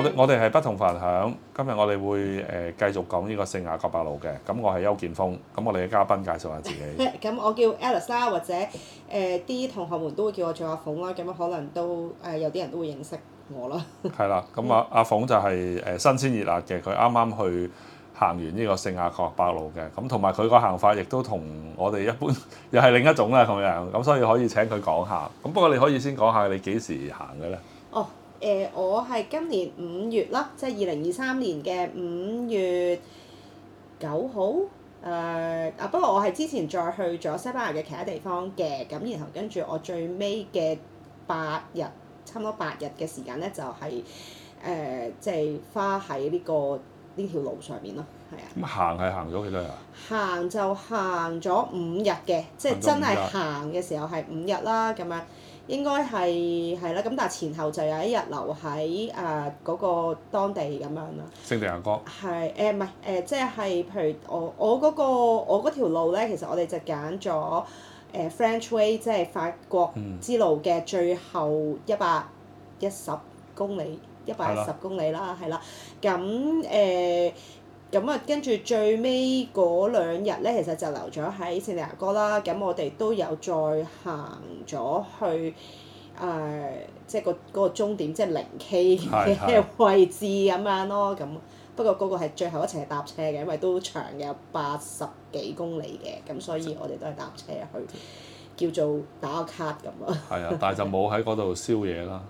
我我哋係不同凡響，今日我哋會誒繼、呃、續講呢個聖雅各伯之路嘅。咁我係邱建峰，咁我哋嘅嘉賓介紹下自己。咁 我叫 Alice 啦，或者誒啲、呃、同學們都會叫我做阿鳳啦。咁樣可能都誒、呃、有啲人都會認識我啦。係 啦，咁阿阿鳳就係、是、誒、呃、新鮮熱辣嘅，佢啱啱去行完呢個聖雅各伯之路嘅。咁同埋佢個行法亦都同我哋一般，又係另一種啦咁樣。咁所以可以請佢講下。咁不過你可以先講下你幾時行嘅咧？哦。Oh. 誒我係今年五月啦，即係二零二三年嘅五月九號，誒、呃、啊不過我係之前再去咗西班牙嘅其他地方嘅，咁然後跟住我最尾嘅八日，差唔多八日嘅時間咧就係誒即係花喺呢、這個呢條路上面咯，係啊。咁行係行咗幾多日？行就行咗五日嘅，即係真係行嘅時候係五日啦，咁樣。應該係係啦，咁但係前後就有一日留喺誒嗰個當地咁樣啦。聖地牙哥。係誒唔係誒，即係譬如我我嗰個我嗰條路咧，其實我哋就揀咗誒 French Way，即係法國之路嘅最後一百一十公里，一百一十公里啦，係啦，咁誒了。咁啊、嗯，跟住最尾嗰兩日咧，其實就留咗喺聖地牙哥啦。咁、嗯、我哋都有再行咗去誒、呃，即係、嗰個、嗰個終點，即係零 K 嘅位置咁樣咯。咁、嗯、不過嗰個係最後一程係搭車嘅，因為都長嘅，有八十幾公里嘅。咁、嗯、所以我哋都係搭車去，叫做打個卡咁咯。係啊，但係就冇喺嗰度宵夜啦。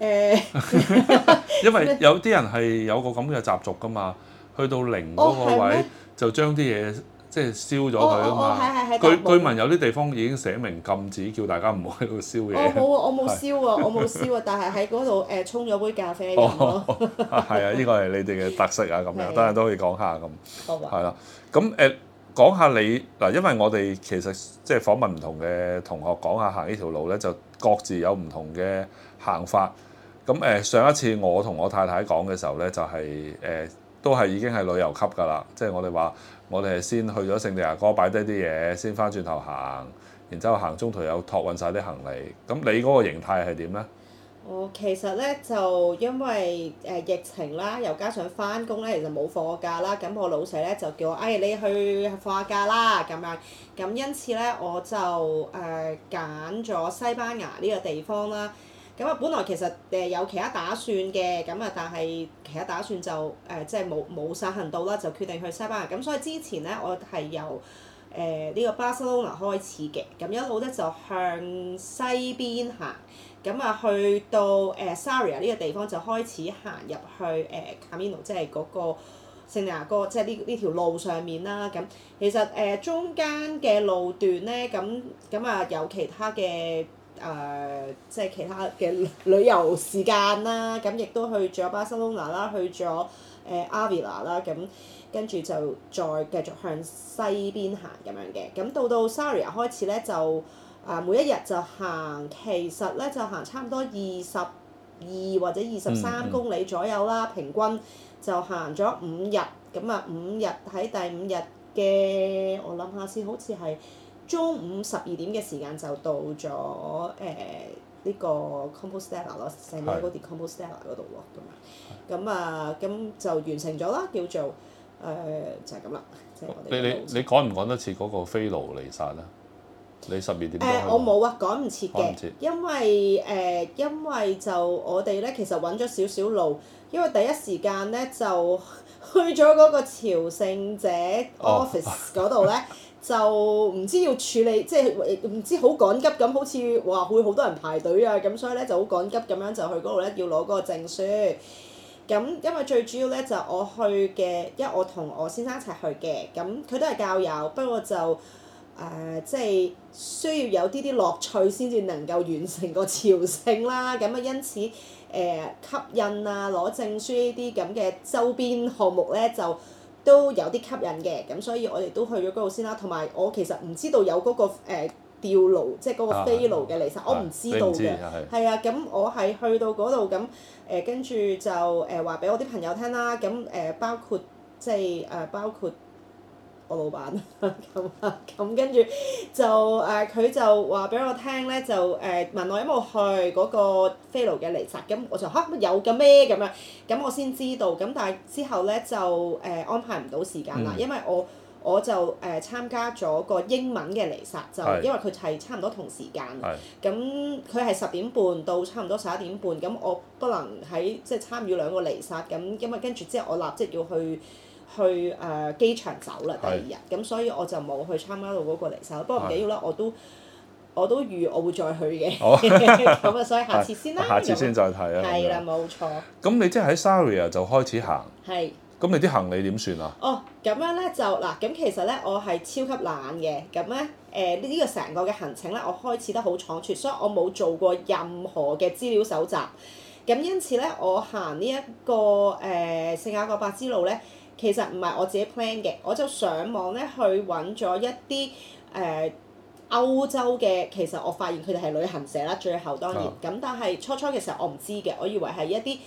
誒， 因為有啲人係有個咁嘅習俗噶嘛。去到零嗰個位，就將啲嘢即係燒咗佢啊嘛。據據聞有啲地方已經寫明禁止，叫大家唔好喺度燒嘢。我冇，我冇燒啊，我冇燒啊。但係喺嗰度誒，沖咗杯咖啡飲啊，係啊，呢個係你哋嘅特色啊，咁樣等陣都可以講下咁。係啦，咁誒講下你嗱，因為我哋其實即係訪問唔同嘅同學，講下行呢條路咧，就各自有唔同嘅行法。咁誒，上一次我同我太太講嘅時候咧，就係誒。都係已經係旅遊級㗎啦，即係我哋話，我哋係先去咗聖地牙哥擺低啲嘢，先翻轉頭行，然之後行中途有託運晒啲行李。咁你嗰個形態係點呢？我其實呢，就因為誒疫情啦，又加上翻工呢，其實冇放過假啦。咁我老細呢，就叫我，哎，你去放下假啦，咁樣。咁因此呢，我就誒揀咗西班牙呢個地方啦。咁啊，本來其實誒有其他打算嘅，咁啊，但係其他打算就誒、呃、即係冇冇實行到啦，就決定去西班牙。咁所以之前咧，我係由誒呢、呃這個巴塞隆納開始嘅，咁一路咧就向西邊行，咁啊去到誒、呃、Sarria 呢個地方就開始行入去誒、呃、Camino，即係嗰個聖地牙哥，即係呢呢條路上面啦。咁其實誒、呃、中間嘅路段咧，咁咁啊有其他嘅。誒、呃，即係其他嘅旅遊時間啦，咁亦都去咗巴塞隆拿啦，去咗誒、呃、阿維拉啦，咁跟住就再繼續向西邊行咁樣嘅，咁到到 Saria 開始咧就啊、呃，每一日就行，其實咧就行差唔多二十二或者二十三公里左右啦，嗯嗯，平均就行咗五日，咁啊五日喺第五日嘅，我諗下先，好似係。中午十二點嘅時間就到咗誒呢個 Compostella 咯，Santiago de Compostella 嗰度喎，咁啊咁就完成咗啦，叫做誒、呃、就係咁啦。你你你趕唔趕得切嗰個飛爐彌撒咧？你十二點、呃、我冇啊，趕唔切嘅，因為誒、呃、因為就我哋咧其實揾咗少少路，因為第一時間咧就去咗嗰個朝聖者 office 嗰度咧。 就唔知要處理，即係唔知好趕急咁，好似話會好多人排隊啊，咁所以咧就好趕急咁樣就去嗰度咧，要攞嗰個證書。咁因為最主要咧就是、我去嘅，因為我同我先生一齊去嘅，咁佢都係教友，不過就誒即係需要有啲啲樂趣先至能夠完成個朝聖啦。咁啊，因此誒、呃、吸引啊攞證書呢啲咁嘅周邊項目咧就～都有啲吸引嘅，咁所以我哋都去咗嗰度先啦。同埋我其實唔知道有嗰、嗰個誒、呃、吊爐，即係嗰個飛爐嘅嚟曬，啊、我唔知道嘅。係啊，咁的我係去到嗰度咁誒跟住就誒話俾我啲朋友聽啦。咁誒包括即係誒包括。即係呃包括我老闆咁咁， 跟住就誒，佢、呃、就話俾我聽咧，就誒、呃、問我有冇去嗰、那個飛盧嘅彌撒，咁我就嚇、啊、有嘅咩咁樣，咁我先知道，咁但係之後咧就誒、呃、安排唔到時間啦，因為我我就誒、呃、參加咗個英文嘅彌撒，就是的 因為佢係差唔多同時間，咁佢係十點半到差唔多十一點半，咁我不能喺即係參與兩個彌撒，咁因為跟住之後我立即要去。去誒機場走啦，第二日咁，所以我就冇去參加到嗰個離手。不過唔緊要啦，我都我都預我會再去嘅。咁啊，所以下次先啦。下次先再睇啦。係啦，冇錯。咁你即係喺 Saria 就開始行。係。咁你啲行李點算啊？哦，咁樣咧就嗱，咁其實咧我係超級懶嘅，咁咧誒呢個成個嘅行程咧，我開始得好倉促，所以我冇做過任何嘅資料搜集。咁因此咧，我行呢一個誒聖雅各伯之路咧。其實唔係我自己 plan 嘅，我就上網咧去揾咗一啲誒、呃、歐洲嘅，其實我發現佢哋係旅行社啦。最後當然咁，哦、但係初初嘅時候我唔知嘅，我以為係一啲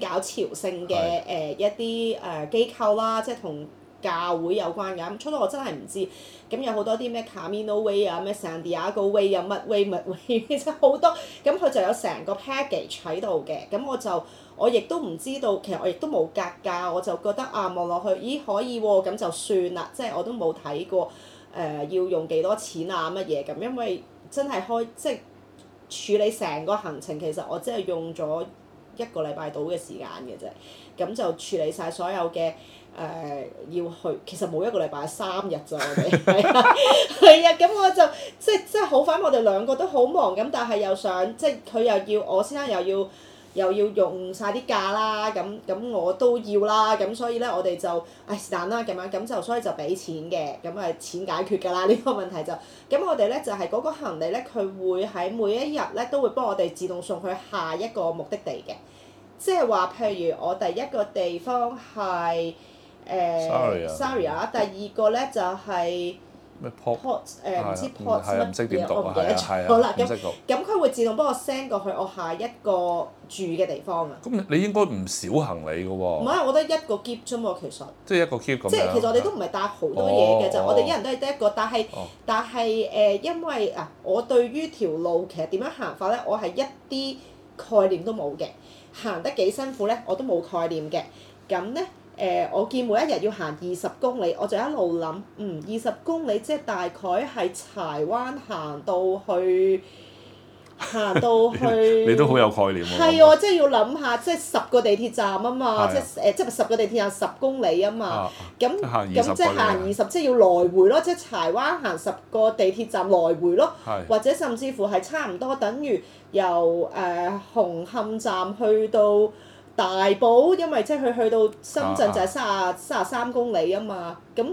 專搞朝聖嘅誒、哦呃、一啲誒、呃、機構啦，即係同教會有關嘅。咁初初我真係唔知。咁有好多啲咩 Camino Way 啊，咩 San Diego Way 啊，乜 Way 乜 Way，其實好多。咁佢就有成個 package 喺度嘅，咁我就。我亦都唔知道，其實我亦都冇格價，我就覺得啊，望落去，咦可以喎，咁、嗯嗯、就算啦，即係我都冇睇過誒、呃、要用幾多錢啊乜嘢咁，因為真係開即係處理成個行程，其實我真係用咗一個禮拜到嘅時間嘅啫，咁就處理晒所有嘅誒、呃、要去，其實冇一個禮拜三日咋我哋，係、就、啊、是，係咁、 嗯、我就即係即係好翻，我哋兩個都好忙咁，但係又想即係佢又要我先生又要。又要用晒啲假啦，咁咁我都要啦，咁所以呢，我哋就唉是但啦咁樣，咁就所以就俾錢嘅，咁啊錢解決㗎啦呢個問題就，咁我哋呢就係、是、嗰個行李呢，佢會喺每一日呢都會幫我哋自動送去下一個目的地嘅，即係話譬如我第一個地方係誒、呃、Sarria 第二個呢就係、是。咩唔知 ports 乜嘢？我唔記得。好啦，咁佢會自動幫我 send 過去我下一個住嘅地方啊。咁你應該唔少行李嘅喎。唔係，我覺得一個喼啫麼，其實。即係一個喼咁樣。即係其實我哋都唔係帶好多嘢嘅，就我哋一人都係得一個。但係但係誒，因為啊，我對於條路其實點樣行法咧，我係一啲概念都冇嘅，行得幾辛苦咧，我都冇概念嘅。咁咧。誒，我見每一日要行二十公里，我就一路諗，嗯，二十公里即係大概喺柴灣行到去，行到去。你都好有概念喎。係喎，即係要諗下，即係十個地鐵站啊嘛，即係誒，即係十個地鐵站十公里啊嘛，咁咁即係行二十，即係要來回咯，即係柴灣行十個地鐵站來回咯，或者甚至乎係差唔多等於由誒紅磡站去到大埔，因為即係佢去到深圳就係三十啊三十三公里啊嘛，咁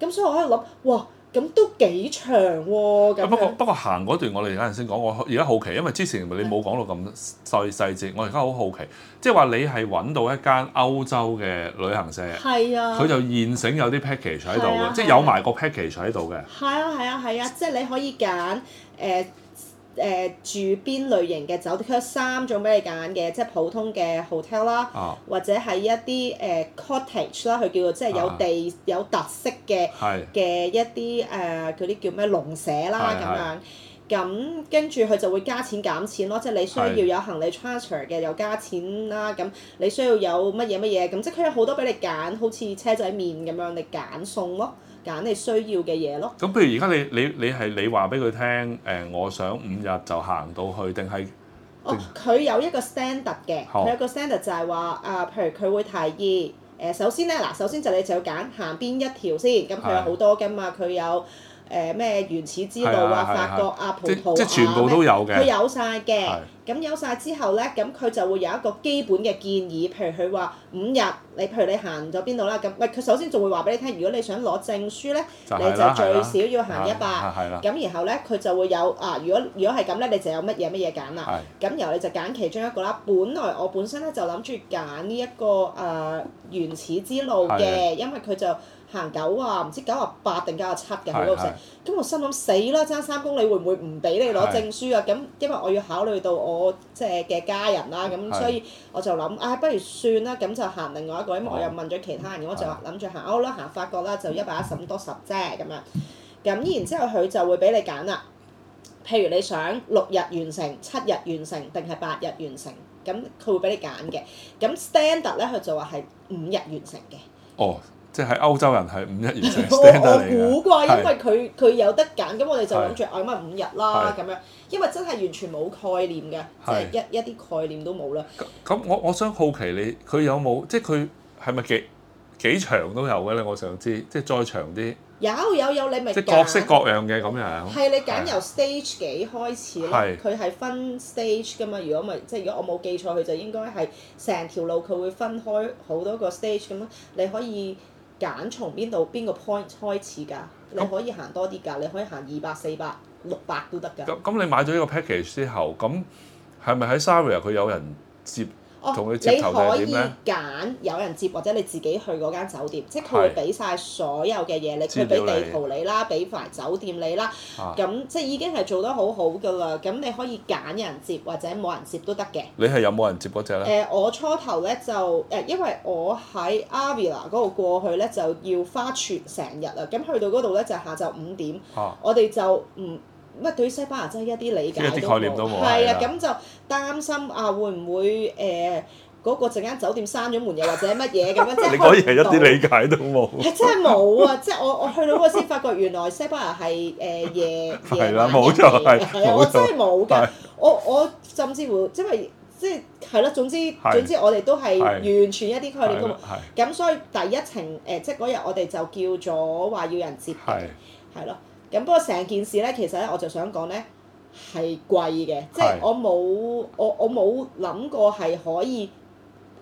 咁、啊、所以我喺度諗，哇，咁都幾長喎、哦。不過不過行嗰段我哋陣先講，我而家好奇，因為之前你冇講到咁細細節，我而家好好奇，即係話你係揾到一間歐洲嘅旅行社，係啊，佢就現成有啲 package 喺度嘅，啊、即係有埋個 package 喺度嘅。係啊係啊係啊，啊，啊，即係你可以揀，誒、呃。誒、呃、住邊類型嘅酒，酒店？佢有三種俾你揀嘅，即係普通嘅 hotel 啦，或者係一啲誒 cottage 啦，佢叫做即係有地、啊、有特色嘅嘅是一啲誒嗰啲叫咩農舍啦咁樣。咁跟住佢就會加錢減錢咯，即係你需要有行李 transfer 嘅又加錢啦。咁是你需要有乜嘢乜嘢咁，即係佢有好多俾你揀，好似車仔麵咁樣，你揀餸咯。揀你需要嘅嘢咯。咁不如而家你你你係你話俾佢聽，誒、呃，我想五日就行到去，定係？哦，佢有一個 standard 嘅，佢、哦、一個 standard 就係話啊，譬如佢會提議，誒、呃，首先咧嗱，首先就你就要揀行邊一條先，咁、嗯、佢有好多噶嘛，佢的有。誒咩原始之路啊，法國啊，葡萄牙啊，佢有晒嘅。咁有晒之後咧，咁佢就會有一個基本嘅建議，譬如佢話五日，你譬如你行咗邊度啦，咁唔係佢首先仲會話俾你聽，如果你想攞證書咧，你就最少要行一百。咁然後咧，佢就會有啊，如果如果係咁咧，你就有乜嘢乜嘢揀啦。咁然後你就揀其中一個啦。本來我本身咧就諗住揀呢一個誒原始之路嘅，因為佢就。行九啊，唔知九啊八定九啊七嘅好老實，咁我心諗死啦，爭三公里會唔會唔俾你攞證書啊？咁是因為我要考慮到我即係嘅家人啦，咁是所以我就諗，唉、哎，不如算啦，咁就行另外一個，因為我又問咗其他人，是我就話諗住行歐啦，行法國啦，就一百一十多十啫咁樣。咁然之後佢就會俾你揀啦。譬如你想六日完成、七日完成定係八日完成，咁佢會俾你揀嘅。咁 standard 咧，佢就話係五日完成嘅。成哦。即係歐洲人係五日完全 stand 得嚟。我估啩，因為佢佢是有得揀，咁我哋就諗住咪五日啦咁是樣。因為真係完全冇概念嘅，是即係一一啲概念都冇啦。咁我我想好奇你，佢有冇即係佢係咪幾幾長都有嘅咧？我想知，即係再長啲。有有有，你咪。即係各式各樣嘅咁樣。係你揀由 stage 幾開始咧？佢係是是分 stage 㗎嘛？如果唔係即係如果我冇記錯，佢就應該係成條路佢會分開好多個 stage 咁樣，你可以。揀從邊度邊個 point 開始㗎那？你可以行多啲㗎，你可以行二百、四百、六百都得㗎。咁咁你買咗呢個 package 之後，咁係咪喺 Sarria 佢有人接？哦，你，你可以揀有人接或者你自己去嗰間酒店，即係佢會俾曬所有嘅嘢你，佢俾的地圖你啦，俾埋酒店你啦。咁、啊、即係已經係做得好好㗎啦。咁你可以揀人接或者冇人接都得嘅。你係有冇人接嗰隻咧？誒、呃，我初頭咧就誒，因為我喺 Avila 嗰度過去咧就要花全成日啊。咁去到嗰度咧就下晝五點，我哋就嗯。乜對於西班牙真係一啲理解一啲概念都冇，係啊，咁就擔心啊，會唔會誒嗰個陣間酒店閂咗門又或者乜嘢咁啊？即係你可以係一啲理解都冇，係真係冇啊！即係我我去到嗰時發覺，原來西班牙係誒夜夜係啦，冇錯係，我真係冇㗎，我我甚至乎即係即係係咯，總之總之我哋都係完全一啲概念都冇，咁所以第一程誒即係嗰日我哋就叫咗話要人接係係咯。咁不過成件事咧，其實咧我就想講咧係貴嘅，是即係我冇我我冇諗過係可以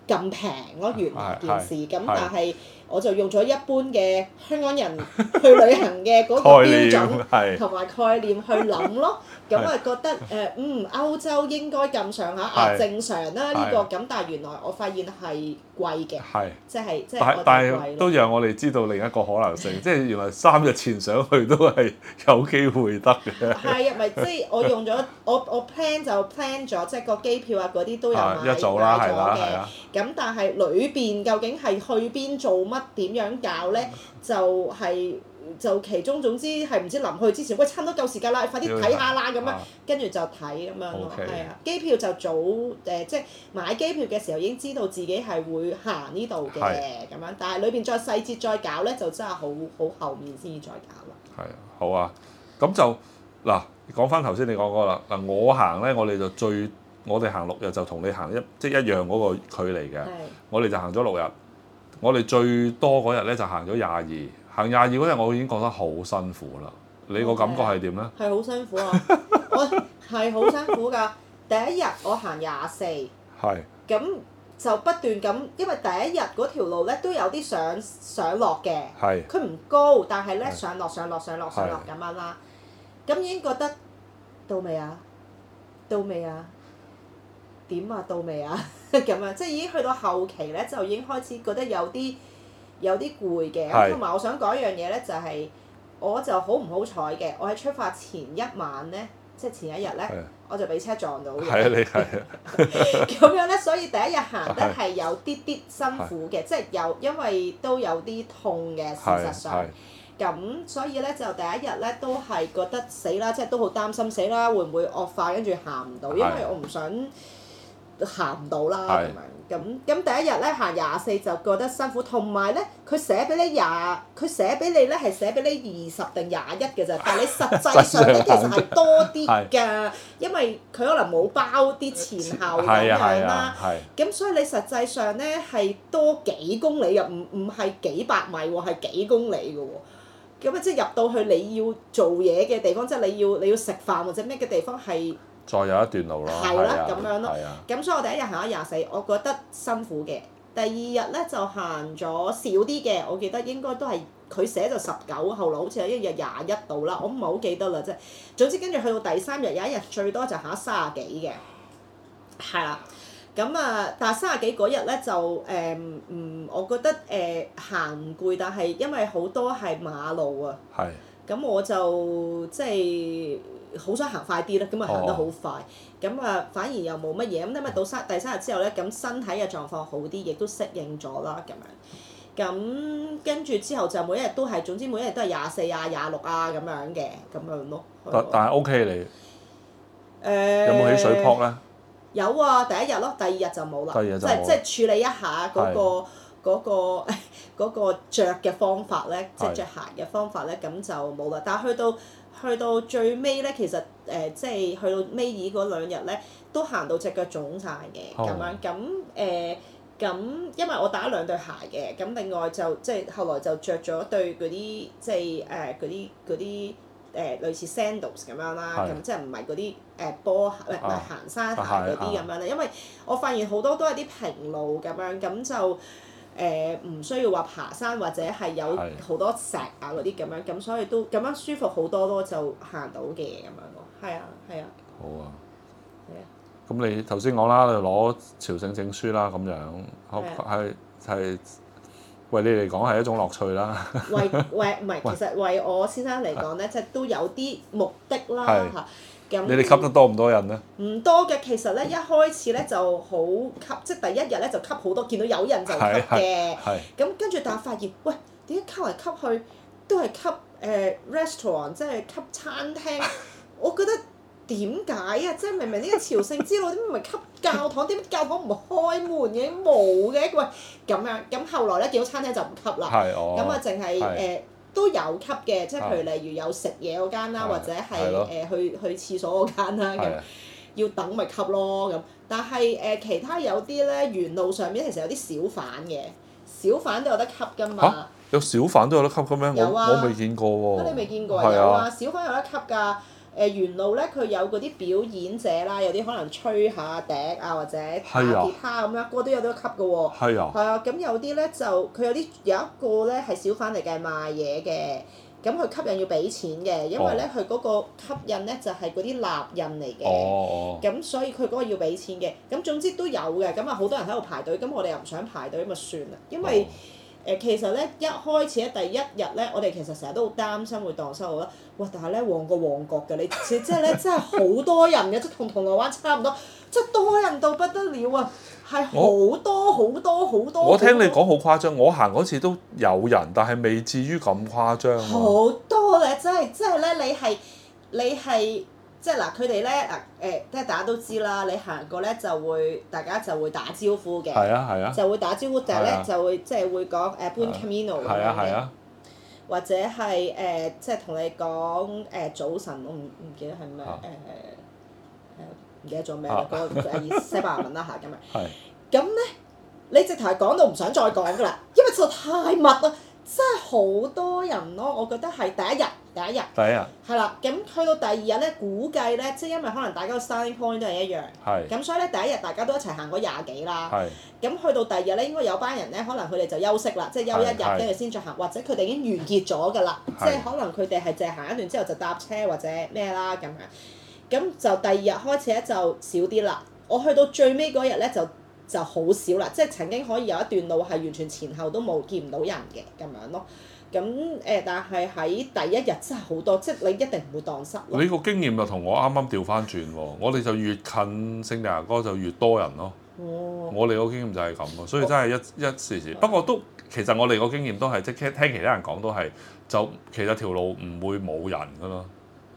咁平咯，原件事咁，但係我就用咗一般嘅香港人去旅行嘅嗰個標準同埋 概，概念去諗咯。咁啊覺得誒嗯歐洲應該咁上下啊正常啦呢是、呢個咁，但係原來我發現係貴嘅，即係即係但係都讓我哋知道另一個可能性， 即係原來三日前上去都係有機會得嘅。係 啊，咪即係我用咗我我 plan 就 plan 咗，即、就、係、是、個機票啊嗰啲都有 一組啦，買買咗嘅。咁 但係裏邊究竟係去邊做乜點樣搞咧？就係、是。 就其中，總之係唔知臨去之前，喂，差唔多夠時間啦，快啲睇下啦咁樣，啊、跟住就睇咁樣咯，係 Okay. 啊。機票就早誒、呃，即係買機票嘅時候已經知道自己係會行呢度嘅咁樣，但係裏邊再細節再搞呢，就真係好好後面先至再搞啦。係啊，好啊，咁就嗱、啊，講返頭先你講過啦，嗱，我行呢，我哋就最我哋行六日就同你行一即係、就是、一樣嗰個距離嘅是，我哋就行咗六日，我哋最多嗰日呢就行咗廿二。行廿二嗰日，我已經覺得好辛苦啦。Okay. 你個感覺係點咧？係好辛苦啊！ 我係好辛苦㗎。 第一日我行廿四是，係咁就不斷咁，因為第一日嗰條路咧都有啲上上落嘅。係是。佢唔高，但係咧是上落上落上落上落咁樣啦。咁已經覺得到未啊？到未啊？點 啊？到未啊？咁樣即係已經去到後期咧，就已經開始覺得有啲。有啲攰嘅，同埋我想講一樣嘢咧，就係、是、我就好唔好彩嘅，我喺出發前一晚咧，即係前一日咧，的我就畀車撞到嘅。係啊的，你係啊。咁樣咧，所以第一日行得係有啲啲辛苦嘅，的即係有因為都有啲痛嘅事實上。咁所以咧，就第一日咧都係覺得死啦，即係都好擔心死啦，會唔會惡化，跟住行唔到，因為我唔想。行唔到啦，咁咁第一日咧，行廿四就覺得辛苦，同埋咧佢寫俾你廿，佢寫俾你咧係寫俾你二十定廿一嘅咋，但係你實際上咧其實係多啲嘅， 上因為佢可能冇包啲前後咁樣啦，咁、啊啊啊、所以你實際上咧係多幾公里，又唔唔係幾百米喎，係幾公里嘅喎，咁啊即係入到去你要做嘢嘅地方，即、就、係、是、你要你要食飯或者咩嘅地方係。再有一段路啦，係啦，啊，咁樣咯。啊，咁啊，所以我第一日行咗廿四，我覺得辛苦嘅。第二日咧就行咗少啲嘅，我記得應該都係佢寫到十九，後嚟好似有一日廿一度啦，我唔係好記得啦啫。總之跟住去到第三日有一日最多就行咗三十幾嘅，係啦。咁啊，但係三十幾嗰日咧就誒，嗯，我覺得誒、嗯、行唔攰，但係因為好多係馬路啊，係。咁我就即係。好想行快啲啦，咁啊行得好快，咁啊、哦、反而又冇乜嘢，咁咪到三第三日之後咧，咁身體嘅狀況好啲，亦都適應咗啦，咁樣。咁跟住之後就每一日都係，總之每一日都係廿四啊、廿六啊咁樣嘅，咁樣咯。但但係 OK 你。誒、欸。有冇起水泡咧？有啊，第一日咯，第二日就冇啦，即係即係處理一下嗰、嗰個嗰的、嗰個著嘅 方法咧，即係著鞋嘅方法咧，咁就冇啦。但係去到。去到最尾咧，其實誒、呃、即係去到尾二嗰兩日咧，都行到隻腳腫晒嘅，咁樣咁誒咁，因為我帶咗兩對鞋嘅，咁，另外就即係後來就着咗對嗰啲即係誒嗰啲啲誒類似 sandals 咁樣啦，咁的即係唔係嗰啲誒波鞋唔係、呃啊、行山鞋嗰啲咁樣咧，因為我發現好多都係啲平路咁樣咁就。誒唔、uh，需要話爬山或者係有好多石啊嗰啲咁樣，咁所以都咁樣舒服好多咯，就行到嘅咁樣咯，係啊，係啊。好啊。係啊。咁你頭先講啦，你攞朝聖證書啦咁樣，係係、啊、為你嚟講係一種樂趣啦。 為為唔係，其實為我先生嚟講咧， 即係都有啲目的啦嚇。是那你哋吸得多唔多人咧？唔多嘅，其實咧一開始咧就好吸，即係第一日咧就吸好多，見到有人就吸嘅。係。 咁跟住但係發現，喂，點解吸嚟吸去都係吸誒、呃、restaurant，即係吸餐廳？我覺得點解啊？即係明明呢個朝聖之路，點解唔係吸教堂？點解教堂唔開門嘅？已經冇嘅喂咁樣。咁後來咧見到餐廳就唔吸啦。係咁啊，淨係誒。 都有吸嘅，即係譬如例如有食嘢嗰間啦，的或者係誒的、呃、去去廁所嗰間啦咁，的要等咪吸咯咁。但係誒、呃、其他有啲咧，沿路上面其實有啲小販嘅，小販都有得吸噶嘛、啊。有小販都有得吸嘅咩、啊？我我未見過喎。你未見過啊？啊過有啊，的小販有得吸㗎。誒沿、嗯、路咧，佢有嗰啲表演者啦，有啲可能吹下笛啊，或者彈吉他咁樣，個個、啊、都有得吸嘅喎。係啊。係啊。咁、嗯、有啲咧就佢有啲有一個咧係小販嚟嘅賣嘢嘅，咁佢吸引要俾錢嘅，因為咧佢嗰個吸引咧就係嗰啲捺印嚟嘅，咁、哦嗯、所以佢嗰個要俾錢嘅。咁總之都有嘅，咁啊好多人喺度排隊，咁我哋又唔想排隊，咁啊算啦，因為。哦誒其實咧，一開始咧，第一日咧，我哋其實成日都好擔心會蕩失路啦。哇！但係咧，旺角、旺角嘅，你即係咧，真係好多人嘅，即同銅鑼灣差唔多，即係多人到不得了啊！係好多好多好多。我聽你講好誇張，我行嗰次都有人，但係未至於咁誇張啊。好多嘅，真係即係咧，你係你係。即係嗱，佢哋咧嗱誒，即係大家都知啦。你行過咧就會，大家就會打招呼嘅。係啊係啊，啊就會打招呼，第咧、啊、就會即係、就是、會講誒，Buen Camino，或者係誒，即係同你講誒、呃、早晨。我唔唔記得係咩誒，唔好、呃、記得咗咩啦，嗰個意西班牙文啦嚇，今日。係。咁咧 是，你直頭係講到唔想再講噶啦，因為實在太密啦，真係好多人咯。我覺得係第一日。第一日，第一日，係啦，咁去到第二日咧，估計咧，即係因為可能大家嘅 starting point 都係一樣，咁是所以咧，第一日大家都一齊行過廿幾啦，咁是去到第二日咧，應該有班人咧，可能佢哋就休息啦，即係休一日，跟住先再行，或者佢哋已經完結咗㗎啦，是即係可能佢哋係淨係行一段之後就搭車或者咩啦咁樣，咁就第二日開始咧就少啲啦。我去到最尾嗰日咧就就好少啦，即係曾經可以有一段路係完全前後都冇見唔到人嘅咁樣咯。咁誒、呃，但係喺第一日真係好多，即係你一定唔會蕩失路。你個經驗就同我啱啱調翻轉喎，我哋就越近聖地牙哥就越多人咯。哦、我哋個經驗就係咁嘅，所以真係一我一時時。的不過都其實我哋個經驗都係即係聽，聽其他人講都係，就其實條路唔會冇人噶咯，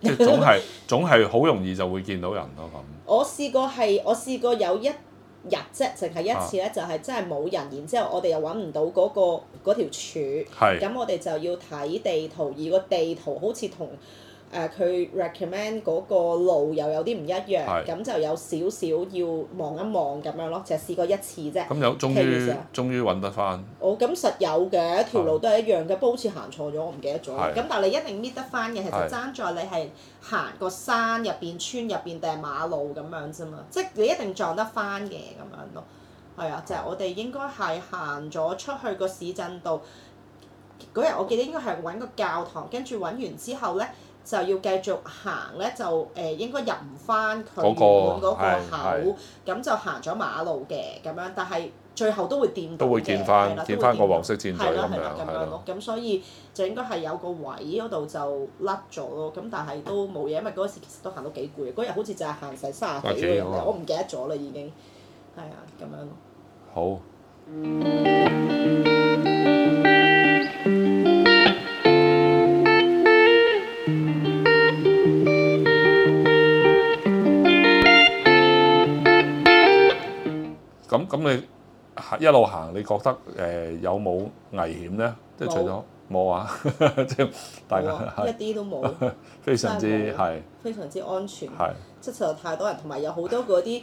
即係總係 總係好容易就會見到人咯咁。我試過係，我試過有一。日啫，淨係一次咧，就係真係冇人，啊、然之後我哋又揾唔到嗰、嗰個嗰條柱，咁是我哋就要睇地圖，而個地圖好似同。誒佢 recommend 嗰個路又有啲唔一樣，咁是就有少少要望一望咁樣咯，淨係試過一次啫。咁有終於 case 終於揾得翻。哦，咁實有嘅，條路都係一樣嘅，不好似行錯咗，我唔記得咗。咁是但係你一定搣得翻嘅，其實爭在你係行個山入邊、是村入邊定係馬路咁樣啫嘛，即係你一定撞得翻嘅咁樣咯。係啊，就係、是、我哋應該係行咗出去個市鎮度。嗰日我記得應該係揾個教堂，跟住揾完之後咧。就要繼續行咧，就誒應該入唔翻佢廟門嗰個口，咁就行咗馬路嘅咁樣，但係最後都會掂到嘅，係啦，都會見翻個黃色箭嘴咁樣咯，咁所以就應該係有個位嗰度就甩咗咯，咁但係都冇嘢，因為嗰時其實都行到幾攰，嗰日好似就係行曬卅幾公里，我唔記得咗啦已經，係啊咁樣。好。一路行，你覺得誒有冇危險咧？即係除咗冇啊，即係大家一啲都冇，非常之係非常之安全，即係實在太多人，同埋有好多嗰啲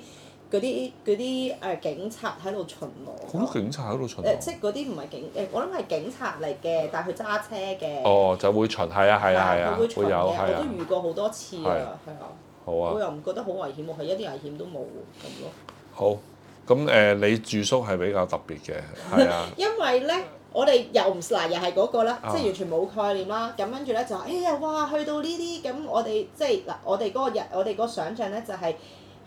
啲啲誒警察喺度巡邏，好多警察喺度巡邏。誒，即係嗰啲唔係警誒，我諗係警察嚟嘅，但係佢揸車嘅。哦，就會巡，係啊，係啊，會有，我都遇過好多次啊，係啊，好啊，我又唔覺得好危險喎，係一啲危險都冇咁咯。好。咁誒、嗯，你住宿係比較特別嘅，係啊。 因為咧，我哋又唔嗱，又係嗰個啦，即係完全冇概念啦。咁跟住咧就，哎呀哇，去到呢啲咁，我哋即係嗱，我哋嗰個日，我哋嗰個想像咧就係、是、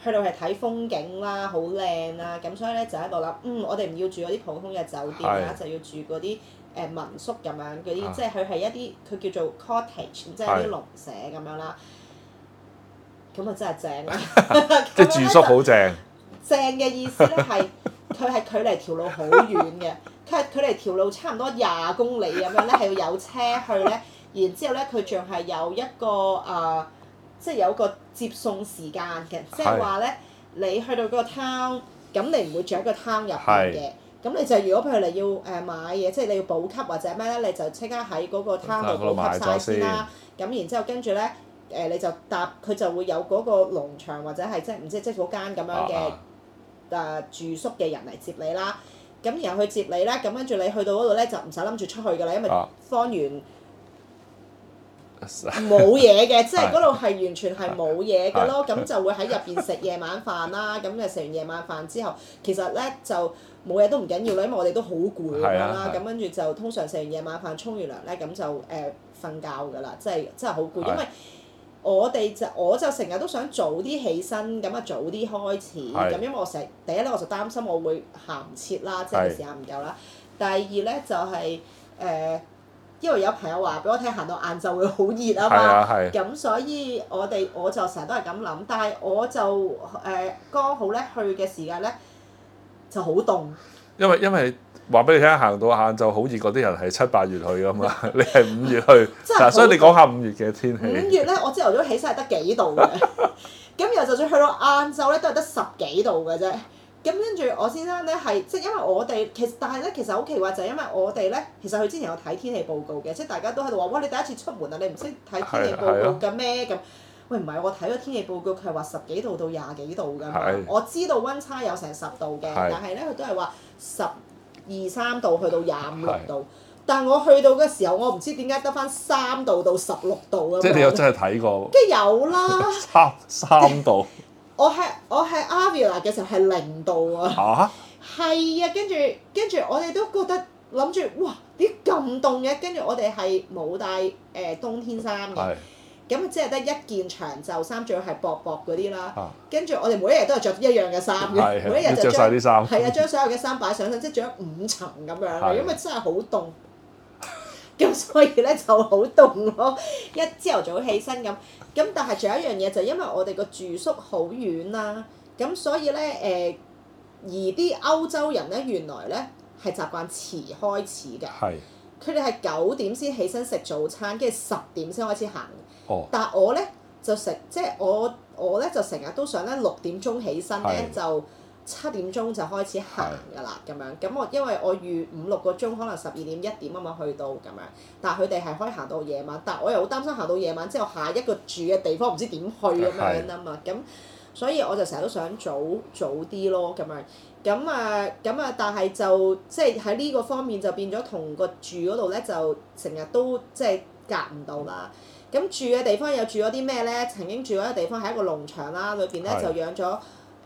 去到係睇風景啦，好靚啦。咁所以咧就喺度諗，嗯，我哋唔要住嗰啲普通嘅酒店啦，啊、就要住嗰啲誒民宿咁樣嗰啲，啊、即係佢係一啲佢叫做 cottage，即係啲、啊、農舍咁樣啦。咁啊真係正啊！即係 住宿好正。 正嘅意思咧係，佢係距離條路好遠嘅，佢係距離條路差唔多廿公里咁樣咧，係要有車去咧。然之後咧，佢仲係有一個啊、呃，即係有個接送時間嘅，即係話咧，你去到嗰個攤、嗯，咁你唔會住喺個攤入面嘅。咁是你就如果譬如你要誒買嘢，即係你要補給或者咩咧，你就即刻喺嗰個攤度補給曬、嗯、先啦。咁然之後跟住咧，誒、呃、你就搭，佢就會有嗰個農場或者係即係唔知即係嗰間咁樣嘅。啊誒住宿嘅人嚟接你啦，咁然後去接你啦。咁跟住你去到嗰度咧就唔使諗住出去噶啦，因為方圓冇嘢嘅，oh. 即係嗰度係完全係冇嘢嘅咯，咁 就會喺入邊食夜晚飯啦，咁 就食完夜晚飯之後，其實咧就冇嘢都唔緊要啦，因為我哋都好攰咁樣啦，咁跟住就通常食完夜晚飯沖完涼咧，咁就誒、呃、瞓覺㗎啦，即係真係好攰， 因為。我哋就我就成日都想早啲起身，咁啊早啲開始，咁的因為我成日第一咧我就擔心我會行唔切啦，即係時間唔夠啦。的第二咧就係、是、誒、呃，因為有朋友話俾我聽，行到晏晝會好熱啊嘛。咁所以我哋我就成日都係咁諗，但係我就誒、呃、剛好咧去嘅時間咧就好凍。因為因為。話俾你聽，行到晏晝好似嗰啲人係七八月去㗎嘛。 你係五月去、啊，所以你講下五月嘅天氣。五月咧，我朝頭早起身係得幾度嘅，咁 然後就算去到晏晝咧，都係得十幾度嘅啫。咁跟住我先生咧係，即係因為我哋其但係咧其實好奇怪就係、是、因為我哋咧，其實佢之前有睇天氣報告嘅，即係大家都喺度話：哇！你第一次出門啊，你唔識睇天氣報告㗎咩？咁，喂，唔係，我睇咗天氣報告，佢係話十幾度到廿幾度㗎的我知道溫差有成十,十度嘅的，但係咧佢都係話十。二三度去到廿五度，是但我去到嘅時候，我唔知點解得返三度到十六度啊！即係你有真係睇過？跟住有啦。三三度。我喺我喺 Avila 嘅時候係零度啊！吓？係啊，跟住跟住我哋都覺得諗住哇，點咁凍嘅？跟住我哋係冇帶誒、呃、冬天衫嘅。咁即係得一件長袖衫，仲要係薄薄嗰啲啦。跟住、啊、我哋每,的每一日都係着一樣嘅衫嘅，每一日就着晒啲衫。係啊將所有嘅衫擺上身，即係着咗五層咁樣。的因為真係好凍，咁 所以咧就好凍咯。一朝頭早起身咁，咁但係仲有一樣嘢就係、因為我哋個住宿好遠啦，咁所以咧誒，而啲歐洲人咧原來咧係習慣遲開始嘅，佢哋係九點先起身食早餐，跟住十點先開始行。但我咧就成即係我我咧就成日都想咧六點鐘起身咧，的就七點鐘就開始行㗎啦咁樣。咁我因為我預五六個鐘，可能十二點一點咁樣去到咁樣。但係佢哋係可以行到夜晚，但我又好擔心行到夜晚之後，下一個住嘅地方唔知點去咁的樣啊嘛。咁所以我就成日都想早早啲咯咁樣。咁啊咁啊，但係就即係喺呢個方面就變咗同個住嗰度咧，就成日都即係隔唔到啦。咁住嘅地方又住咗啲咩咧？曾經住嗰個地方係一個農場啦，裏邊咧就養咗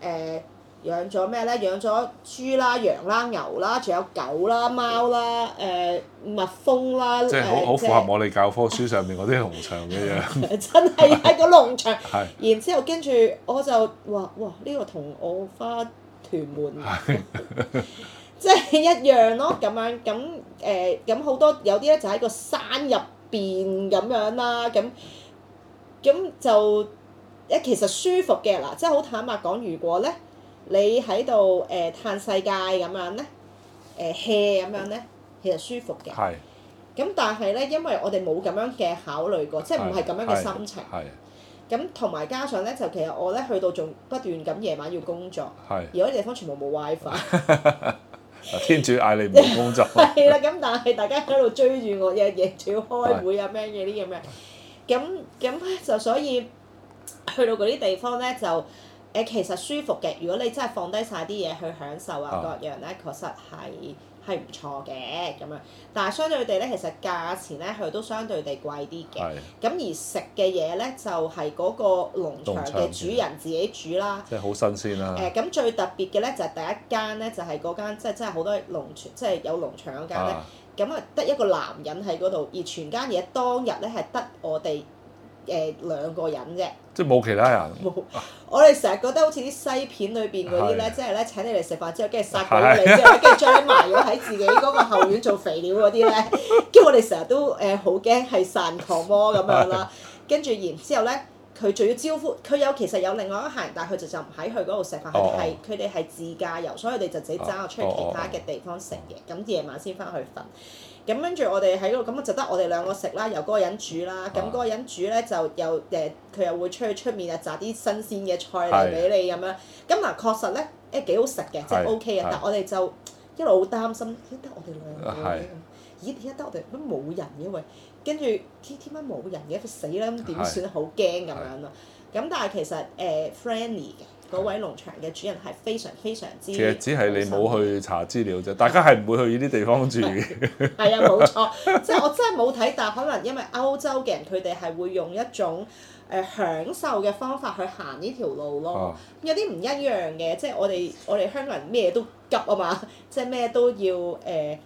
誒養咗咩咧？養咗豬啦、羊啦、牛啦，仲有狗啦、貓啦、誒蜜蜂啦。即係好好符合我哋教科書上面嗰啲農場嘅樣。真係喺個農場。係。然之後跟住我就話：哇！呢個同我花屯門，即係一樣咯咁樣。咁誒咁好多有啲咧就喺個山入。變咁樣啦，咁咁就誒其實舒服嘅嗱，即係好坦白講，如果咧你喺度誒嘆世界咁樣咧，誒 hea 咁樣咧，其實舒服嘅。係。咁、呃呃、是但係咧，因為我哋冇咁樣嘅考慮過，是即係唔係咁樣嘅心情。係。咁同埋加上咧，就其實我咧去到仲不斷咁夜晚要工作。係是。而嗰啲地方全部冇 WiFi。 天主嗌你唔好工作。 係啦，咁但係大家喺度追住我嘅嘢，仲要開會啊，咩嘢啲咁樣。咁咁就所以去到嗰啲地方咧，就誒其實舒服嘅。如果你真係放低晒啲嘢去享受啊各樣咧，啊、確實係。係唔錯嘅咁樣，但係相對地咧，其實價錢咧佢都相對地貴啲嘅。咁的而食嘅嘢咧就係、是、嗰個農場嘅主人自己煮啦。即係好新鮮啦。誒，咁最特別嘅咧就係第一間咧就係嗰間即係真係好多農場，即係、呃就是就是就是、有農場嗰間咧。咁啊得一個男人喺嗰度，而全間嘢當日咧係得我哋。誒、呃、兩個人啫，即係冇其他人。冇， 我哋成日覺得好似啲西片裏邊嗰啲咧，的即係咧請你哋食飯之後，跟住殺咗你之後，跟住將埋咗喺自己嗰個後院做肥料嗰啲咧。跟 住我哋成日都誒、呃、好驚係殺狂魔咁樣啦。跟住的然之後咧，佢仲要招呼佢有其實有另外一行人，但係佢就就唔喺佢嗰度食飯，佢係佢哋係自駕遊，所以佢哋就自己揸出去其他嘅地方食嘢，咁夜晚先翻去瞓。嗯嗯咁跟住我哋喺度，咁啊就得我哋兩個食啦，由嗰個人煮啦。咁嗰、啊、個人煮咧就又誒，佢、呃、又會出去出面是、嗯、啊摘啲新鮮嘅菜嚟俾你咁樣。咁嗱確實咧，誒幾好食嘅，是即係 OK 嘅。是但係我哋就一路好擔心，咦、哎、得我哋兩個？咦？點、啊欸啊、解得我哋都冇人？因為跟住點點解冇人嘅？佢死啦！咁點算好驚咁樣咯。咁但係其實誒、呃、friendly 嘅。masculine 嗰位農場嘅主人係非常非常之，其實只係你冇去查資料啫。 大家係唔會去呢啲地方住嘅。 係啊，冇錯，即係 我真係冇睇，但可能因為歐洲嘅人，佢哋係會用一種誒享受嘅方法去行呢條路咯。啊、有啲唔一樣嘅，即、就、係、是、我哋我哋香港人咩都急啊嘛，即係咩都要誒誒、呃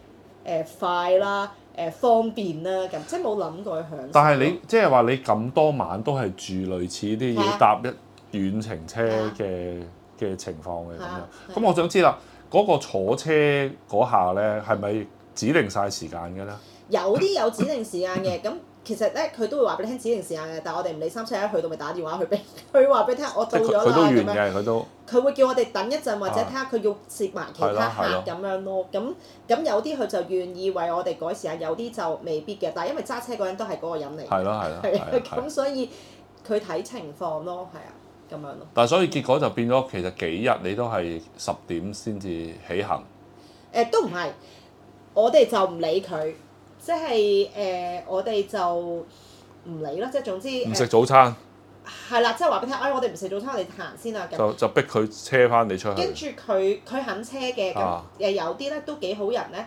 呃、快啦，誒、呃、方便啦咁，即係冇諗過去享受。但係你即係話你咁多晚都係住類似啲要搭一，啊遠程車嘅嘅情況嘅咁樣，咁我想知啦，嗰個坐車嗰下咧係咪指定晒時間㗎咧？有啲有指定時間嘅，咁其實咧佢都會話俾你聽指定時間嘅，但係我哋唔理三七一，去到咪打電話去俾佢話俾你聽，我到咗佢都啦，嘅。佢會叫我哋等一陣或者睇下佢要接埋其他客咁樣咯。咁咁有啲佢就願意為我哋改時間，有啲就未必嘅。但係因為揸車嗰人都係嗰個人嚟，係咯係咯，係。咁所以佢睇情況咯，係啊。咁樣咯，但係所以結果就變咗，其實幾日你都係十點先至起行。誒、呃，都唔係，我哋就唔理佢，即係誒、呃，我哋就唔理啦。即係總之，唔食早餐。係啦、呃，即係話俾佢聽，哎，我哋唔食早餐，我哋行先啦。就咁就逼佢車返你出去。跟住佢佢肯車嘅，咁誒有啲咧都幾好人咧。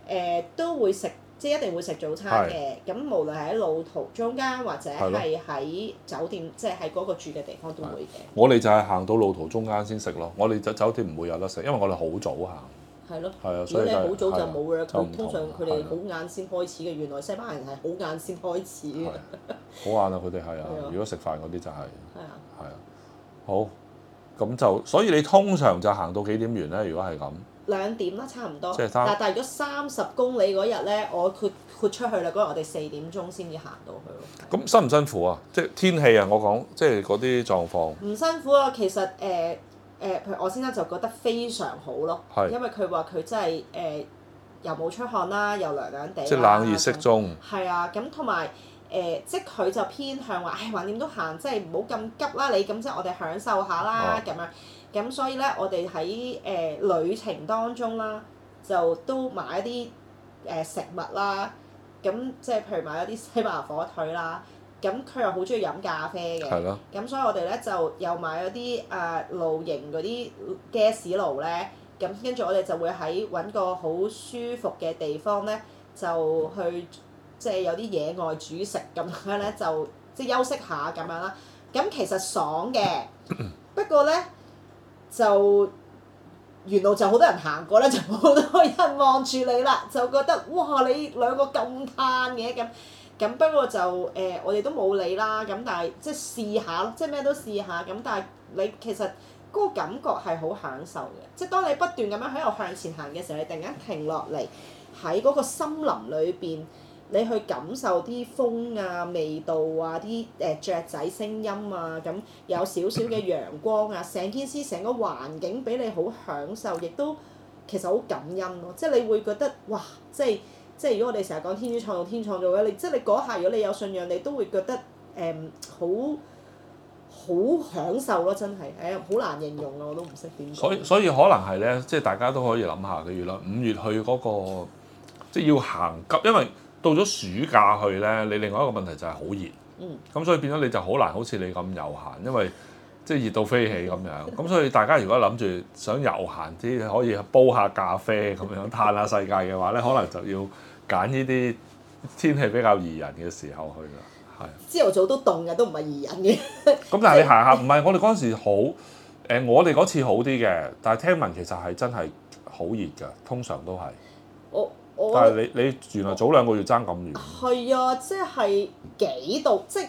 誒都會食，即係一定會食早餐嘅。咁無論係喺路途中間或者係喺酒店，即係喺嗰個住嘅地方都會嘅。我哋就係行到路途中間先食咯。我哋就酒店唔會有得食，因為我哋好早行。係咯。係啊，所以真係好早就冇嘅。通常佢哋好晏先開始嘅。原來西班牙人係好晏先開始。好晏啊！佢哋係啊。如果食飯嗰啲就係。係啊。係啊。好。咁就所以你通常就行到幾點完咧？如果係咁。兩點啦，差唔多。但係但係，如果三十公里嗰日呢，我豁豁出去啦，嗰日我哋四點鐘先至行到去。咁辛唔辛苦啊？即係天氣啊，我講即係嗰啲狀況。唔辛苦啊，其實誒誒，我先生就覺得非常好咯。係。因為佢話佢真係誒又冇出汗啦，又涼涼地。即係冷熱適中。係啊，咁同埋誒，即係佢就偏向話，唉，橫掂都行，即係唔好咁急啦。你咁即係我哋享受下啦，咁樣。咁所以咧，我哋喺誒旅程當中啦，就都買一啲誒、呃、食物啦。咁即係譬如買咗啲西班牙火腿啦。咁佢又好中意飲咖啡嘅。係咯。咁所以我哋咧就又買咗啲誒露營嗰啲嘅士爐咧。咁跟住我哋就會喺搵個好舒服嘅地方咧，就去即係、就是、有啲野外煮食咁樣咧，就即係、就是、休息下咁樣啦。咁其實爽嘅， 不過咧。就沿路就好多人行過咧，就好多人望住你啦，就覺得哇，你兩個咁嘆嘅。咁咁，不過就誒、呃、我哋都冇理啦咁，但係即係試下咯，即係咩都試下咁，但係你其實嗰個感覺係好享受嘅，即係當你不斷咁樣喺度向前行嘅時候，你突然間停落嚟喺嗰個森林裏邊。你去感受啲風啊、味道啊、啲誒雀仔聲音啊，咁有少少嘅陽光啊，成件事成個環境俾你好享受，亦都其實好感恩咯。即係你會覺得哇，即係即係如果我哋成日講天主創造天創造嘅，你即係你嗰刻如果你有信仰，你都會覺得誒好好享受咯，真係誒好難形容啊，我都唔識點。所所以可能係咧，即係大家都可以諗下嘅，幾月啦，五月去嗰個即係要行急，因為到咗暑假去呢，你另外一個問題就係好熱，咁、嗯、所以變咗你就難好難好似你咁悠閒，因為即係熱到飛起咁樣。咁所以大家如果諗住想悠閒啲，可以煲下咖啡咁樣，歎下世界嘅話咧，你可能就要揀呢啲天氣比較宜人嘅時候去啦。係。朝頭早都凍嘅，都唔係宜人嘅。咁 但係你行下，唔係我哋嗰陣時好，誒、呃、我哋嗰次好啲嘅，但係聽聞其實係真係好熱㗎，通常都係。我。但係你你原來早兩個月爭咁遠？係啊，即係幾度，即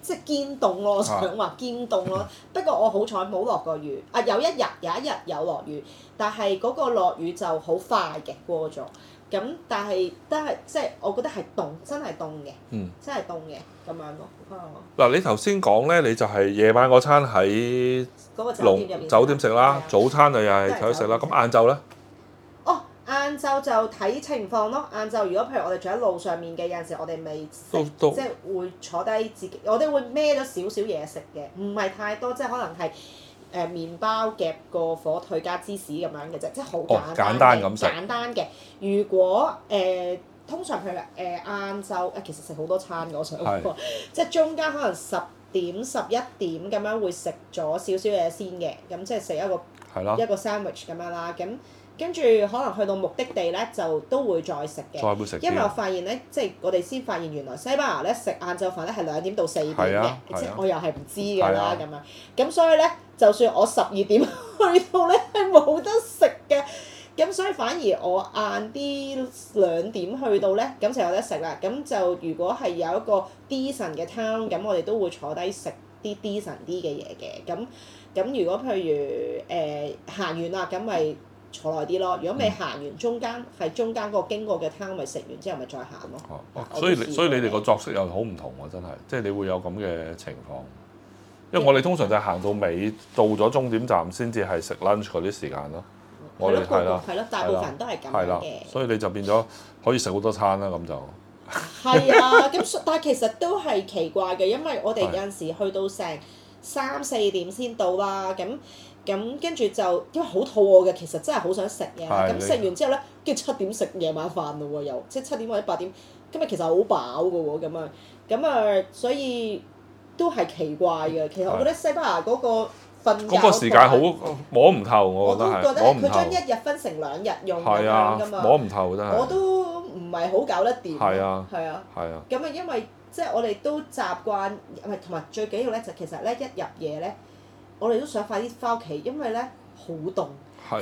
即堅凍咯，我想話堅凍咯。不過我好彩冇落過雨，啊有一日有一日有落雨，但係嗰個落雨就好快嘅過咗。咁但係都係即係我覺得係凍，真係凍嘅，嗯，真係凍嘅咁樣咯。嗱，你頭先講咧，你就係夜晚嗰餐喺嗰個酒店食啦，早餐就又係出去食啦。咁晏晝咧？晏晝就睇情況咯。晏晝如果譬如我哋仲喺路上面嘅，有陣時我哋未食，都即係會坐低自己。我哋會孭咗少少嘢食嘅，唔係太多，即係可能係誒、呃、麵包夾個火腿加芝士咁樣嘅啫，即係好簡單嘅，哦。簡單嘅。如果誒、呃、通常譬如誒晏晝，誒、呃呃、其實食好多餐嘅，我想的即係中間可能十點十一點咁樣會食咗少少嘢先嘅，咁即係食一個的一個 sandwich 咁樣啦，咁。跟住可能去到目的地呢，就都會再食嘅。因為我發現呢，即係我哋先發現原來西班牙咧食晏晝飯咧係兩點到四點嘅，即係我又係唔知㗎啦咁樣。咁所以呢，就算我十二點去到呢，係冇得食嘅，咁所以反而我晏啲兩點去到呢，咁就有得食啦。咁就如果係有一個 dinner 嘅 time，咁我哋都會坐低食啲 dinner 啲嘅嘢嘅。咁咁如果譬如誒行完啦，咁、呃、咪～坐耐啲咯，如果未行完，中間係、嗯、中間嗰個經過嘅攤，咪食完之後咪再行咯。啊、所以你所以你哋個作息又好唔同喎，真係，即係你會有咁嘅情況。因為我哋通常就係行到尾，到咗終點站先至係食 lunch 嗰啲時間咯。我哋係啦，係啦，大部分都係咁嘅。係啦，所以你就變咗可以食好多餐啦，咁就。係啊的，咁 但係其實都係奇怪嘅，因為我哋有陣時去到成三四點先到啦，咁。咁跟住就因為好肚餓嘅，其實真係好想食嘢。咁食對完之後咧，跟住七點食夜晚飯嘞喎、哦，又、呃、即係七點或者八點。今日其實好飽嘅喎，咁啊，咁啊，所以都係奇怪嘅。其實我覺得西班牙嗰個瞓嗰個時間好摸唔透，我，我都覺得佢將一日分成兩日用咁啊，噶嘛麼，摸唔透真係我都唔係好搞得掂。係啊，係啊，係啊。咁啊，啊，因為即係、就是、我哋都習慣唔係同埋最緊要咧，就是、其實咧一入夜咧。我哋都想快啲翻屋企，因為咧好凍，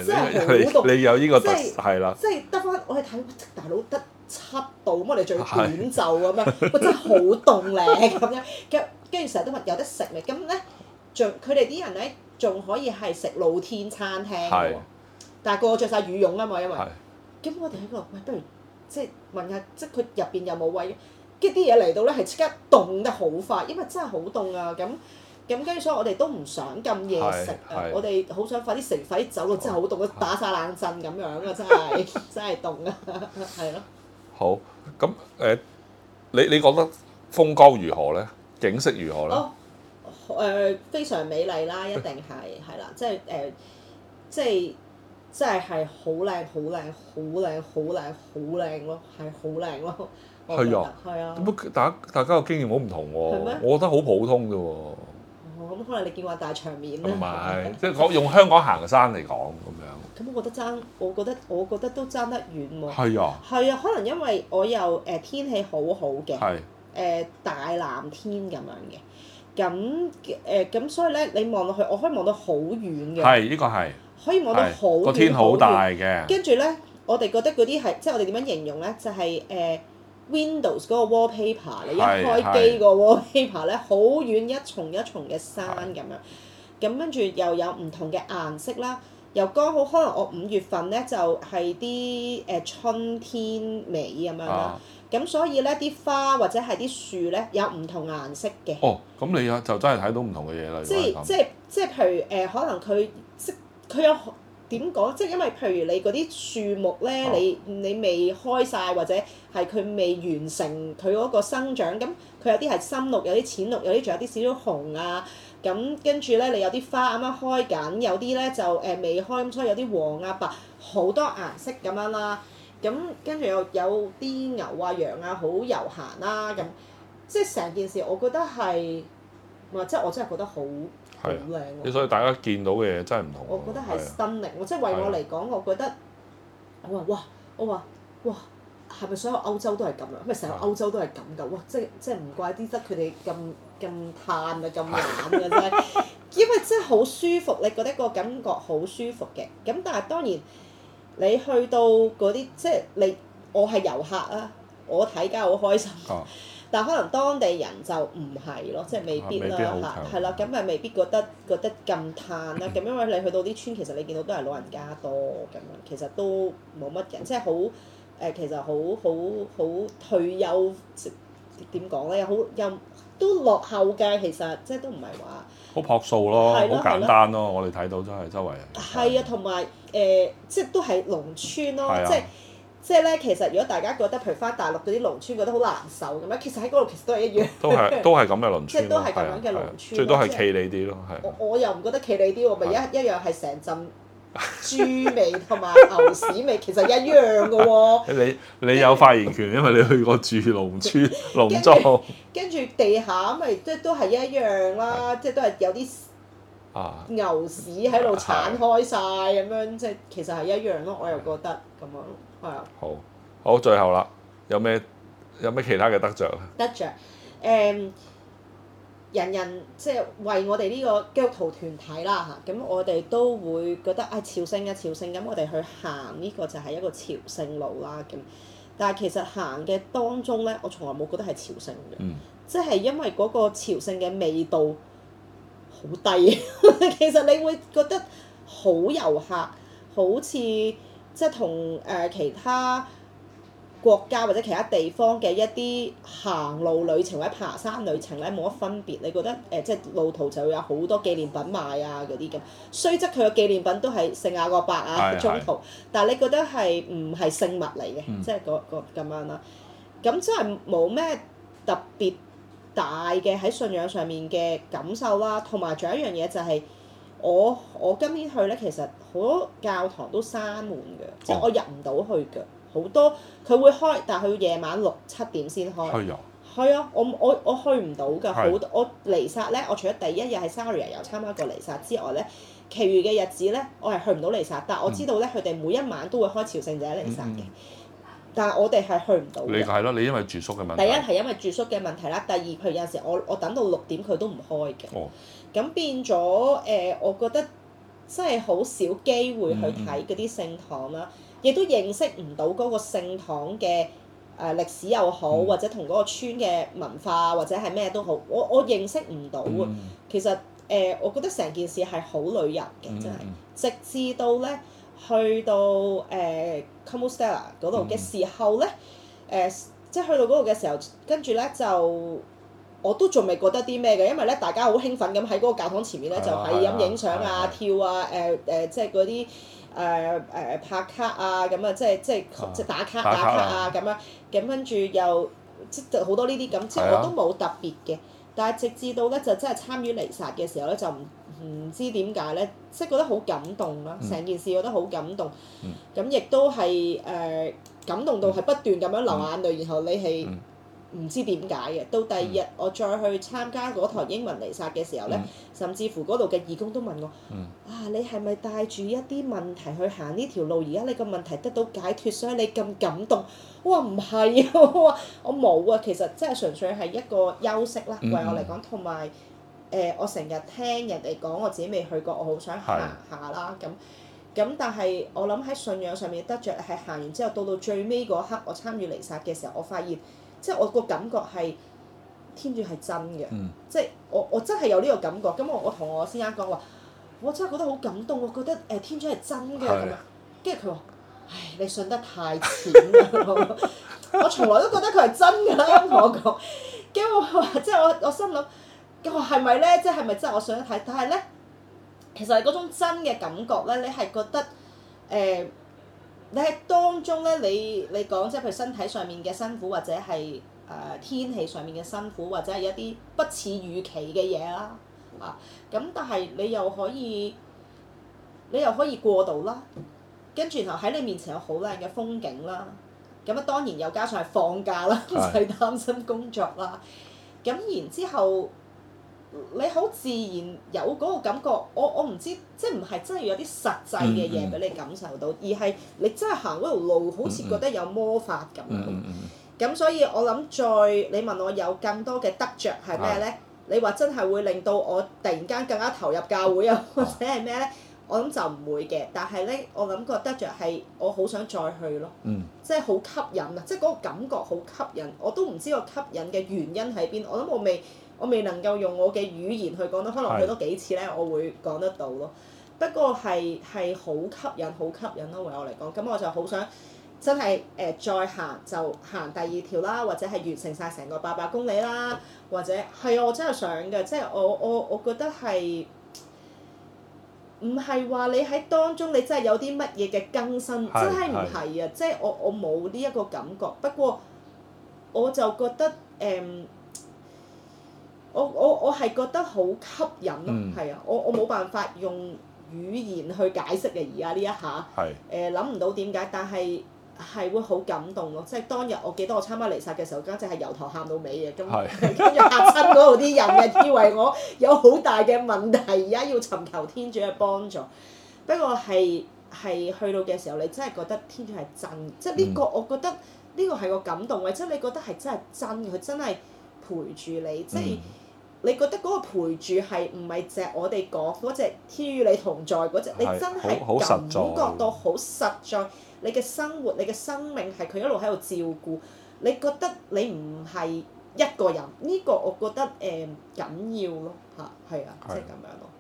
真係好凍。你有依個特係啦，即係得翻我哋睇，大佬得七度，我哋仲要短袖咁樣，我真係好凍咧咁樣。跟跟住成日都話有得食咪，咁咧仲佢哋啲人咧仲可以係食露天餐廳喎。但係個個著曬羽絨啊嘛，因為咁我哋喺度，喂，不如即係問下，即係佢入邊有冇位？跟住啲嘢嚟到咧係即刻凍得好快，因為真係好凍啊！咁。咁跟住，所以我哋都唔想咁夜食啊！我哋好想快啲食，快啲走咯！真係好凍，打晒冷震咁樣啊！真係真係凍啊！係咯、啊。好，咁誒、呃，你你覺得風光如何咧？景色如何咧？哦、呃，非常美麗啦，一定係係啦，即係誒、呃，即係即係係好靚，好靚，好靚，好靚，好靚咯，係好靚咯。係啊。係啊。咁大家大家個經驗好唔同喎？我覺得好普通㗎喎。咁可能你見過大場面囉，同埋係吧即係我用香港行山嚟講咁樣。咁我覺得爭，我覺得我覺得，我覺得都爭得遠喎。係啊。係啊，啊，可能因為我又誒天氣好好嘅，誒係、呃、大藍天咁樣嘅，咁誒咁所以咧，你望落去，我可以望到好遠嘅。係，呢、呢個係。可以望到好。個天好大嘅。跟住咧，我哋覺得嗰啲係即係我哋點樣形容咧，就係、係、誒。呃 Windows 嗰個 wallpaper 你是一開機個 wallpaper 咧，好遠，是一重一重嘅山咁樣，咁跟住又有唔同嘅顏色啦，又剛好可能我五月份咧就係啲誒春天尾咁樣啦，咁、啊、所以咧啲花或者係啲樹咧有唔同顏色嘅。哦，咁你啊就真係睇到唔同嘅嘢啦。即係即係即係譬如誒、就是就是呃，可能佢識佢有。點講？即係因為譬如你嗰啲樹木咧，Oh. 你你未開晒，或者係佢未完成佢嗰個生長，咁佢有啲係深綠，有啲淺綠，有啲仲有啲少少紅啊。咁跟住咧，你有啲花啱啱開緊，有啲咧就誒未開，咁所以有啲黃啊白，好多顏色咁樣啦、啊。咁跟住又有啲牛啊羊啊好遊閒啦咁，啊、即係成件事我覺得係，哇！即係我真係覺得好～唔、靚啊啊、所以大家見到嘅嘢真係唔同、啊。我覺得係心靈即係為我嚟講，啊、我覺得我話哇，我話哇，係咪所有歐洲都係咁啊？咪成個歐洲都係咁噶？哇！即係即係唔怪啲得佢哋咁咁嘆啊，咁玩嘅啫。因為真係好舒服，你覺得個感覺好舒服嘅。咁但係當然，你去到嗰啲即係你，我係遊客啊，我睇而家好開心。但可能當地人就唔係咯，即係未必啦嚇，係啦，咁咪未必覺得覺得咁嘆啦，咁因為你去到啲村，其實你見到都係老人家多咁樣，其實都冇乜人，即係好誒，其實好好好退休點講咧，又好又都落後嘅，其實即係都唔係話好樸素咯，好簡單咯，我哋睇到真係周圍人係啊，同埋誒，即係都係農村咯，即係。即係咧，其實如果大家覺得，譬如返大陸嗰啲農村覺得好難受咁樣，其實喺嗰度其實都係一樣都，都係都係咁嘅農村，係啊， 最多係騎呢啲咯，係。我我又唔覺得騎呢啲，我咪的一一樣係成陣豬味同埋牛屎味， 其實一樣噶喎。 你你有發言權，的因為你去過住農村農莊 。跟住地下咪即係都係一樣啦，即係的 都係有啲牛屎喺度鏟開晒咁樣，即係其實係一樣咯。我又覺得咁樣。係啊！嗯、好，好，最後啦，有咩有咩其他嘅得着？啊？得着？誒，人人即係、就是、為我哋呢個基督徒團體啦嚇，咁我哋都會覺得啊朝聖啊朝聖，咁我哋去行呢個就係一個朝聖路啦咁。但係其實行嘅當中咧，我從來冇覺得係朝聖嘅，即係、嗯、因為嗰個朝聖嘅味道好低， 其實你會覺得好遊客，好似。即係同誒其他國家或者其他地方嘅一啲行路旅程或者爬山旅程咧冇乜分別，你覺得誒、呃、即係路途就會有好多紀念品賣啊嗰啲咁，雖則佢嘅紀念品都係聖雅各伯啊，中途是，但係你覺得係唔係聖物嚟嘅，嗯、即係嗰嗰咁樣啦。咁即係冇咩特別大嘅喺信仰上面嘅感受啦、啊，同埋仲有一樣嘢就係、是。我我今年去咧，其實好多教堂都閂門嘅，哦、即係我入唔到去嘅。好多佢會開，但係佢夜晚六七點先開。係啊、哦，係啊，我我我去唔到㗎。的好多，我彌撒咧，我除咗第一日係三日又參加過彌撒之外咧，其餘嘅日子咧，我係去唔到彌撒。但係我知道咧，佢哋、嗯、每一晚都會開朝聖者彌撒嘅。嗯嗯、但係我哋係去唔到嘅。係咯，你因為住宿嘅問，問題。第一係因為住宿嘅問題啦，第二譬如有陣時我我等到六點佢都唔開嘅。哦。咁變咗誒、呃，我覺得真係好少機會去睇嗰啲聖堂啦，亦、mm hmm. 都認識唔到嗰個聖堂嘅誒、呃、歷史又好、mm hmm. 或，或者同嗰個村嘅文化或者係咩都好，我我認識唔到啊。Mm hmm. 其實誒、呃，我覺得成件事係好旅遊嘅，真係、mm hmm. 直至到咧去到誒 Compostela 嗰度嘅時候咧，誒、mm hmm. 呃、即係去到嗰度嘅時候，跟住咧就，就，就就就就我都仲未覺得啲咩嘅，因為咧大家好興奮咁喺嗰個教堂前面咧就係咁影相啊、跳啊、誒誒，即係嗰啲誒誒拍卡啊，咁啊，即係即係即打卡打卡啊咁樣，咁跟住又即好多呢啲咁，即係我都冇特別嘅。但係直至到咧就真係參與彌撒嘅時候咧就唔唔知點解咧，即係覺得好感動囉，成件事覺得好感動。咁亦都係誒感動到係不斷咁樣流眼淚，然後你係。唔知點解嘅，到第二日我再去參加嗰台英文彌撒嘅時候咧，嗯、甚至乎嗰度嘅義工都問我：嗯、啊，你係咪帶住一啲問題去行呢條路？而家你個問題得到解決，所以你咁感動？我話唔係啊，我冇啊，其實真係純粹係一個休息啦。嗯、為我嚟講，同埋誒，我成日聽人哋講，我自己未去過，我好想行下啦。咁咁的，但係我諗喺信仰上面得着，係行完之後，到到最尾嗰刻，我參與彌撒嘅時候，我發現。即係我個感覺係天主係真嘅，嗯、即係我我真係有呢個感覺。咁我我同我先生講話，我真係覺得好感動。我覺得誒、呃、天主係真嘅，咁樣跟住佢話：唉，你信得太淺啦！我 我從來都覺得佢係真㗎啦同 我講，跟住我話，即係我我心諗，佢話係咪咧？即係咪真係我信得太？但係咧，其實係嗰種真嘅感覺咧，你係覺得誒，呃你係當中咧，你你講即係譬如身體上面嘅辛苦，或者係誒、呃、天氣上面嘅辛苦，或者係一啲不似預期嘅嘢啦，啊，咁但係你又可以，你又可以過度啦，跟住然後喺你面前有好靚嘅風景啦，咁啊當然又加上係放假啦，唔使的 擔心工作啦，咁、啊、然之後。你好自然有嗰個感覺，我我唔知，即係唔係真係要有啲實際嘅嘢俾你感受到，嗯嗯、而係你真係行嗰條路，好似覺得有魔法咁。咁、嗯嗯嗯嗯、所以我，我諗再你問我有更多嘅得着係咩咧？是你話真係會令到我突然間更加投入教會啊，或者係咩咧？我諗就唔會嘅。但係咧，我諗覺得着係我好想再去咯，嗯、即係好吸引啊！即係嗰個感覺好吸引，我都唔知個吸引嘅原因喺邊。我諗我未。我未能夠用我嘅語言去講得，可能去多幾次咧，我會講得到咯。是不過係係好吸引，好吸引咯。為我嚟講，咁我就好想真係誒、呃、再行就行第二條啦，或者係完成晒成個八百公里啦，或者係啊、就是，我真係想嘅，即係我我我覺得係唔係話你喺當中你真係有啲乜嘢嘅更新，是真係唔係啊！即係是我我冇呢一個感覺。不過我就覺得誒。嗯我我我係覺得好吸引咯，係啊、嗯，我我冇辦法用語言去解釋嘅而家呢一下，誒諗唔到點解，但係係會好感動咯，即、就、係、是、當日我記得我參加彌撒嘅時候，家姐係由頭喊到尾嘅，咁跟住嚇親嗰度啲人嘅，以為我有好大嘅問題而家要尋求天主嘅幫助。不過係係去到嘅時候，你真係覺得天主係真，即係呢個我覺得呢個係個感動嘅，即、嗯、你覺得係真係真的，佢真係陪住你，即、就、係、是。嗯你覺得嗰個陪住係唔係隻我哋講嗰隻天與你同在嗰隻？是你真係感覺到好實在，實在你嘅生活、你嘅生命係佢一路喺度照顧。你覺得你唔係一個人，呢、呢個我覺得誒緊、呃、要咯吓，係啊，即係咁樣咯。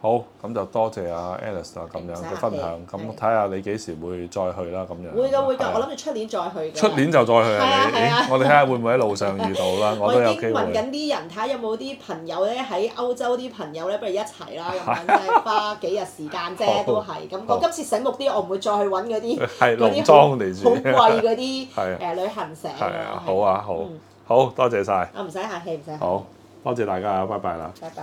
好，咁就多謝阿 Alice 啊，咁樣嘅分享。咁睇下你幾時會再去啦，咁樣。會嘅，會嘅，我諗住出年再去嘅。出年就再去啊！係我哋睇下會唔會喺路上遇到啦。我都有機會。我已經問緊啲人，睇下有冇啲朋友咧喺歐洲啲朋友咧，不如一齊啦咁樣，花幾日時間啫，都係。咁我今次醒目啲，我唔會再去揾嗰啲嗰啲係農莊，好貴嗰啲誒旅行社咯。係啊，好啊，好，好多謝晒。啊，唔使客氣，唔使。好，多謝大家啊，拜拜啦。拜拜。